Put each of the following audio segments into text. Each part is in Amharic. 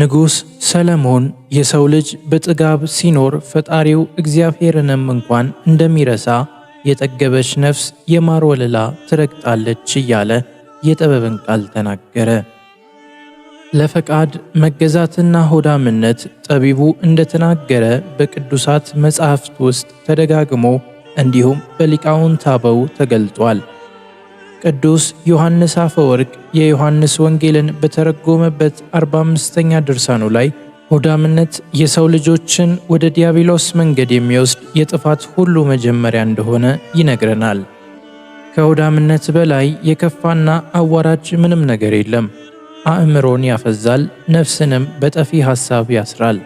ንጉሥ ሰለሞን የሰው ልጅ በጥጋብ ሲኖር ፈጣሪው እግዚአብሔርንም እንኳን እንደሚረሳ የጠገበች ነፍስ የማር ወለላ ትረግጣለች እያለ የጥበብን ቃል ተናገረ። ለፈቃድ መገዛትና ሆዳምነት ጠቢቡ እንደተናገረ በቅዱሳት መጻሕፍት ውስጥ ተደጋግሞ እንዲሁም በሊቃውንት አበው ተገልጧል። ቅዱስ ዮሐንስ አፈወርቅ የዮሐንስ ወንጌልን በተረጎመበት 45ኛ ድርሳኑ ላይ ሆዳምነት የሰው ልጆችን ወደ ዲያብሎስ መንገድ የሚወስድ የጥፋት ሁሉ መጀመሪያ እንደሆነ ይነግረናል። ከሆዳምነት በላይ የከፋና አዋራጅ ምንም ነገር የለም። አእምሮን ያፈዛል፣ ነፍስንም በጠፊ ሐሳብ ያስራል፣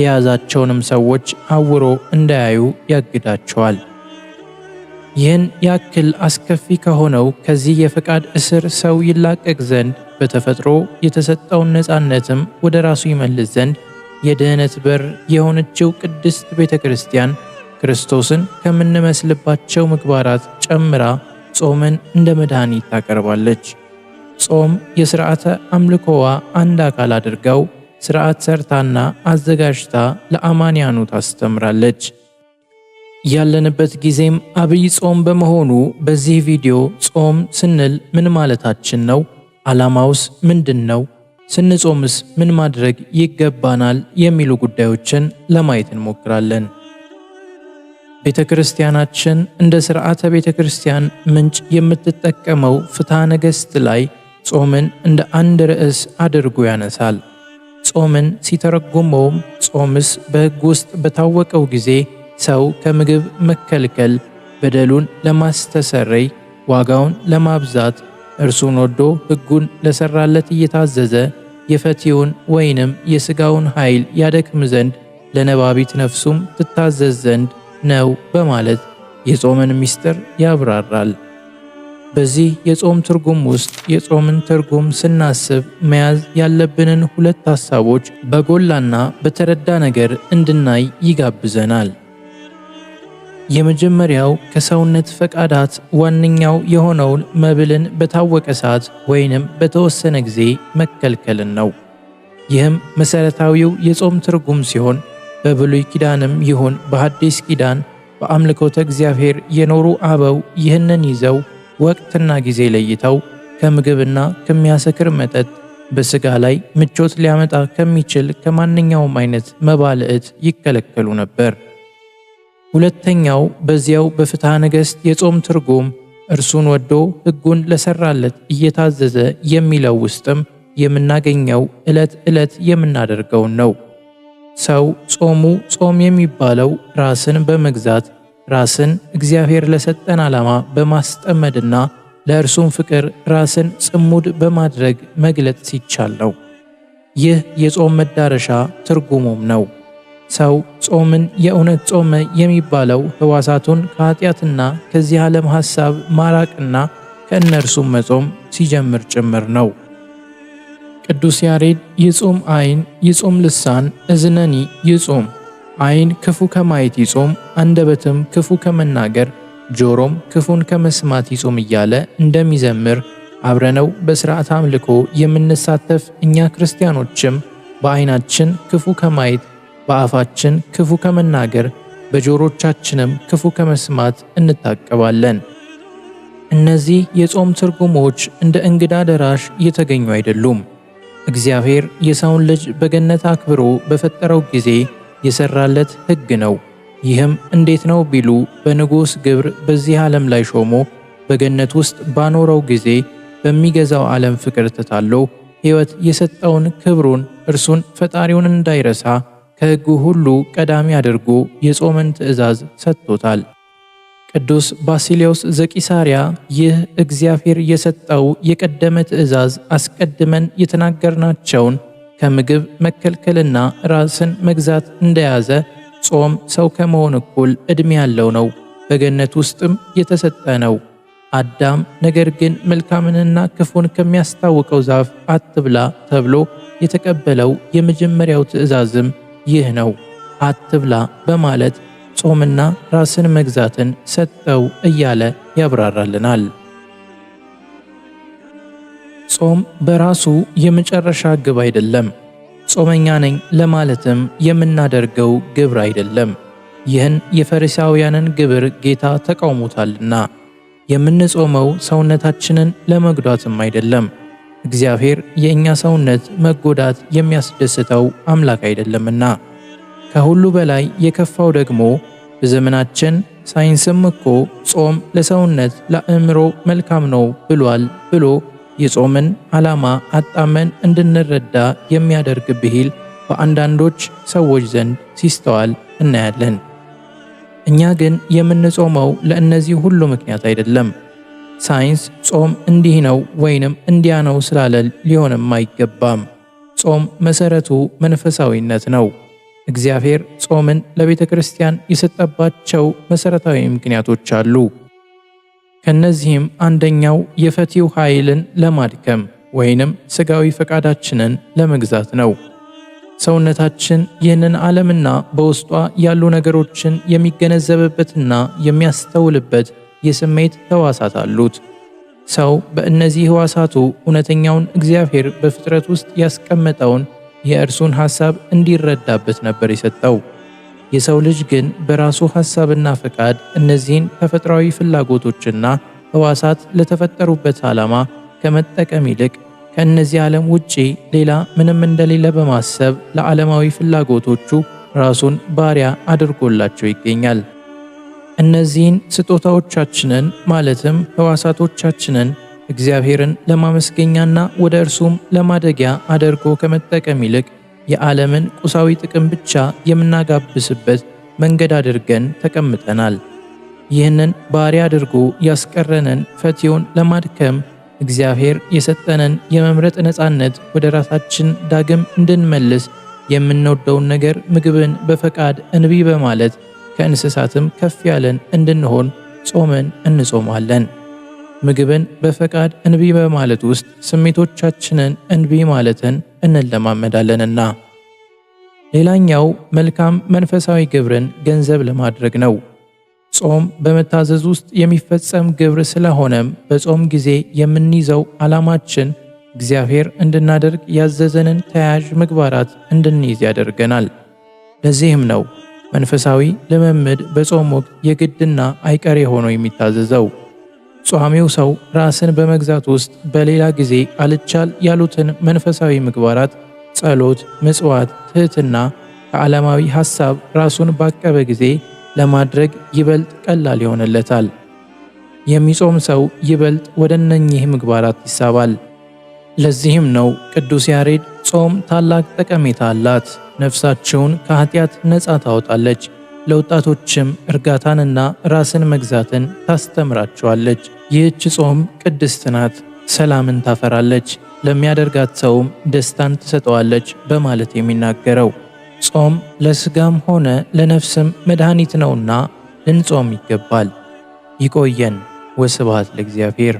የያዛቸውንም ሰዎች አውሮ እንዳያዩ ያግዳቸዋል። ይህን ያክል አስከፊ ከሆነው ከዚህ የፈቃድ እስር ሰው ይላቀቅ ዘንድ በተፈጥሮ የተሰጠውን ነፃነትም ወደ ራሱ ይመልስ ዘንድ የድህነት በር የሆነችው ቅድስት ቤተ ክርስቲያን ክርስቶስን ከምንመስልባቸው ምግባራት ጨምራ ጾምን እንደ መድኃኒት ታቀርባለች። ጾም የሥርዓተ አምልኮዋ አንድ አካል አድርገው ሥርዓት ሰርታና አዘጋጅታ ለአማንያኑ ታስተምራለች። ያለንበት ጊዜም አብይ ጾም በመሆኑ በዚህ ቪዲዮ ጾም ስንል ምን ማለታችን ነው? ዓላማውስ ምንድን ነው? ስንጾምስ ምን ማድረግ ይገባናል? የሚሉ ጉዳዮችን ለማየት እንሞክራለን። ቤተ ክርስቲያናችን እንደ ሥርዓተ ቤተ ክርስቲያን ምንጭ የምትጠቀመው ፍትሐ ነገሥት ላይ ጾምን እንደ አንድ ርዕስ አድርጎ ያነሳል። ጾምን ሲተረጉመውም ጾምስ በሕግ ውስጥ በታወቀው ጊዜ ሰው ከምግብ መከልከል በደሉን ለማስተሰረይ ዋጋውን ለማብዛት እርሱን ወዶ ሕጉን ለሠራለት እየታዘዘ የፈቲውን ወይንም የሥጋውን ኃይል ያደክም ዘንድ ለነባቢት ነፍሱም ትታዘዝ ዘንድ ነው በማለት የጾምን ምስጢር ያብራራል። በዚህ የጾም ትርጉም ውስጥ የጾምን ትርጉም ስናስብ መያዝ ያለብንን ሁለት ሐሳቦች በጎላና በተረዳ ነገር እንድናይ ይጋብዘናል። የመጀመሪያው ከሰውነት ፈቃዳት ዋነኛው የሆነውን መብልን በታወቀ ሰዓት ወይንም በተወሰነ ጊዜ መከልከልን ነው። ይህም መሠረታዊው የጾም ትርጉም ሲሆን በብሉይ ኪዳንም ይሁን በሐዲስ ኪዳን በአምልኮተ እግዚአብሔር የኖሩ አበው ይህንን ይዘው ወቅትና ጊዜ ለይተው ከምግብና ከሚያሰክር መጠጥ በሥጋ ላይ ምቾት ሊያመጣ ከሚችል ከማንኛውም አይነት መባልዕት ይከለከሉ ነበር። ሁለተኛው በዚያው በፍትሐ ነገሥት የጾም ትርጉም እርሱን ወዶ ሕጉን ለሰራለት እየታዘዘ የሚለው ውስጥም የምናገኘው ዕለት ዕለት የምናደርገውን ነው። ሰው ጾሙ ጾም የሚባለው ራስን በመግዛት ራስን እግዚአብሔር ለሰጠን ዓላማ በማስጠመድና ለእርሱም ፍቅር ራስን ጽሙድ በማድረግ መግለጥ ሲቻል ነው። ይህ የጾም መዳረሻ ትርጉሙም ነው። ሰው ጾምን የእውነት ጾመ የሚባለው ህዋሳቱን ከኃጢአትና ከዚህ ዓለም ሐሳብ ማራቅና ከእነርሱም መጾም ሲጀምር ጭምር ነው። ቅዱስ ያሬድ ይጹም አይን ይጹም ልሳን እዝነኒ ይጹም አይን ክፉ ከማየት ይጾም፣ አንደበትም ክፉ ከመናገር፣ ጆሮም ክፉን ከመስማት ይጾም እያለ እንደሚዘምር አብረነው በሥርዓት አምልኮ የምንሳተፍ እኛ ክርስቲያኖችም በዐይናችን ክፉ ከማየት በአፋችን ክፉ ከመናገር በጆሮቻችንም ክፉ ከመስማት እንታቀባለን። እነዚህ የጾም ትርጉሞች እንደ እንግዳ ደራሽ እየተገኙ አይደሉም። እግዚአብሔር የሰውን ልጅ በገነት አክብሮ በፈጠረው ጊዜ የሰራለት ሕግ ነው። ይህም እንዴት ነው ቢሉ በንጉሥ ግብር በዚህ ዓለም ላይ ሾሞ በገነት ውስጥ ባኖረው ጊዜ በሚገዛው ዓለም ፍቅር ተታሎ ሕይወት የሰጠውን ክብሩን እርሱን ፈጣሪውን እንዳይረሳ ከሕጉ ሁሉ ቀዳሚ አድርጎ የጾምን ትእዛዝ ሰጥቶታል። ቅዱስ ባሲሌዎስ ዘቂሳሪያ ይህ እግዚአብሔር የሰጠው የቀደመ ትእዛዝ አስቀድመን የተናገርናቸውን ከምግብ መከልከልና ራስን መግዛት እንደያዘ ጾም ሰው ከመሆን እኩል ዕድሜ ያለው ነው፣ በገነት ውስጥም የተሰጠ ነው። አዳም ነገር ግን መልካምንና ክፉን ከሚያስታውቀው ዛፍ አትብላ ተብሎ የተቀበለው የመጀመሪያው ትእዛዝም ይህ ነው አትብላ በማለት ጾምና ራስን መግዛትን ሰጠው እያለ ያብራራልናል። ጾም በራሱ የመጨረሻ ግብ አይደለም። ጾመኛ ነኝ ለማለትም የምናደርገው ግብር አይደለም። ይህን የፈሪሳውያንን ግብር ጌታ ተቃውሞታልና የምንጾመው ሰውነታችንን ለመጉዳትም አይደለም እግዚአብሔር የእኛ ሰውነት መጎዳት የሚያስደስተው አምላክ አይደለምና። ከሁሉ በላይ የከፋው ደግሞ በዘመናችን ሳይንስም እኮ ጾም ለሰውነት ለአእምሮ መልካም ነው ብሏል ብሎ የጾምን ዓላማ አጣመን እንድንረዳ የሚያደርግ ብሂል በአንዳንዶች ሰዎች ዘንድ ሲስተዋል እናያለን። እኛ ግን የምንጾመው ለእነዚህ ሁሉ ምክንያት አይደለም። ሳይንስ ጾም እንዲህ ነው ወይንም እንዲያ ነው ስላለ ሊሆንም አይገባም። ጾም መሰረቱ መንፈሳዊነት ነው። እግዚአብሔር ጾምን ለቤተ ክርስቲያን የሰጠባቸው መሰረታዊ ምክንያቶች አሉ። ከነዚህም አንደኛው የፈቲው ኃይልን ለማድከም ወይንም ስጋዊ ፈቃዳችንን ለመግዛት ነው። ሰውነታችን ይህንን ዓለምና በውስጧ ያሉ ነገሮችን የሚገነዘብበትና የሚያስተውልበት የስሜት ህዋሳት አሉት። ሰው በእነዚህ ህዋሳቱ እውነተኛውን እግዚአብሔር በፍጥረት ውስጥ ያስቀመጠውን የእርሱን ሐሳብ እንዲረዳበት ነበር የሰጠው። የሰው ልጅ ግን በራሱ ሐሳብና ፈቃድ እነዚህን ተፈጥሯዊ ፍላጎቶችና ህዋሳት ለተፈጠሩበት ዓላማ ከመጠቀም ይልቅ ከእነዚህ ዓለም ውጪ ሌላ ምንም እንደሌለ በማሰብ ለዓለማዊ ፍላጎቶቹ ራሱን ባሪያ አድርጎላቸው ይገኛል። እነዚህን ስጦታዎቻችንን ማለትም ህዋሳቶቻችንን እግዚአብሔርን ለማመስገኛና ወደ እርሱም ለማደጊያ አድርጎ ከመጠቀም ይልቅ የዓለምን ቁሳዊ ጥቅም ብቻ የምናጋብስበት መንገድ አድርገን ተቀምጠናል። ይህንን ባሪያ አድርጎ ያስቀረንን ፈትዮን ለማድከም እግዚአብሔር የሰጠንን የመምረጥ ነፃነት ወደ ራሳችን ዳግም እንድንመልስ የምንወደውን ነገር ምግብን በፈቃድ እንቢ በማለት ከእንስሳትም ከፍ ያለን እንድንሆን ጾምን እንጾማለን። ምግብን በፈቃድ እንቢ በማለት ውስጥ ስሜቶቻችንን እንቢ ማለትን እንለማመዳለንና። ሌላኛው መልካም መንፈሳዊ ግብርን ገንዘብ ለማድረግ ነው። ጾም በመታዘዝ ውስጥ የሚፈጸም ግብር ስለሆነም በጾም ጊዜ የምንይዘው ዓላማችን እግዚአብሔር እንድናደርግ ያዘዘንን ተያያዥ ምግባራት እንድንይዝ ያደርገናል። ለዚህም ነው መንፈሳዊ ልምምድ በጾም ወቅት የግድና አይቀሬ ሆኖ የሚታዘዘው። ጿሚው ሰው ራስን በመግዛት ውስጥ በሌላ ጊዜ አልቻል ያሉትን መንፈሳዊ ምግባራት ጸሎት፣ ምጽዋት፣ ትህትና ከዓለማዊ ሐሳብ ራሱን ባቀበ ጊዜ ለማድረግ ይበልጥ ቀላል ይሆንለታል። የሚጾም ሰው ይበልጥ ወደ እነኚህ ምግባራት ይሳባል። ለዚህም ነው ቅዱስ ያሬድ ጾም ታላቅ ጠቀሜታ አላት። ነፍሳቸውን ከኃጢአት ነፃ ታወጣለች። ለወጣቶችም እርጋታንና ራስን መግዛትን ታስተምራቸዋለች። ይህች ጾም ቅድስት ናት፣ ሰላምን ታፈራለች፣ ለሚያደርጋት ሰውም ደስታን ትሰጠዋለች በማለት የሚናገረው ጾም ለስጋም ሆነ ለነፍስም መድኃኒት ነውና ልንጾም ይገባል። ይቆየን። ወስብሐት ለእግዚአብሔር።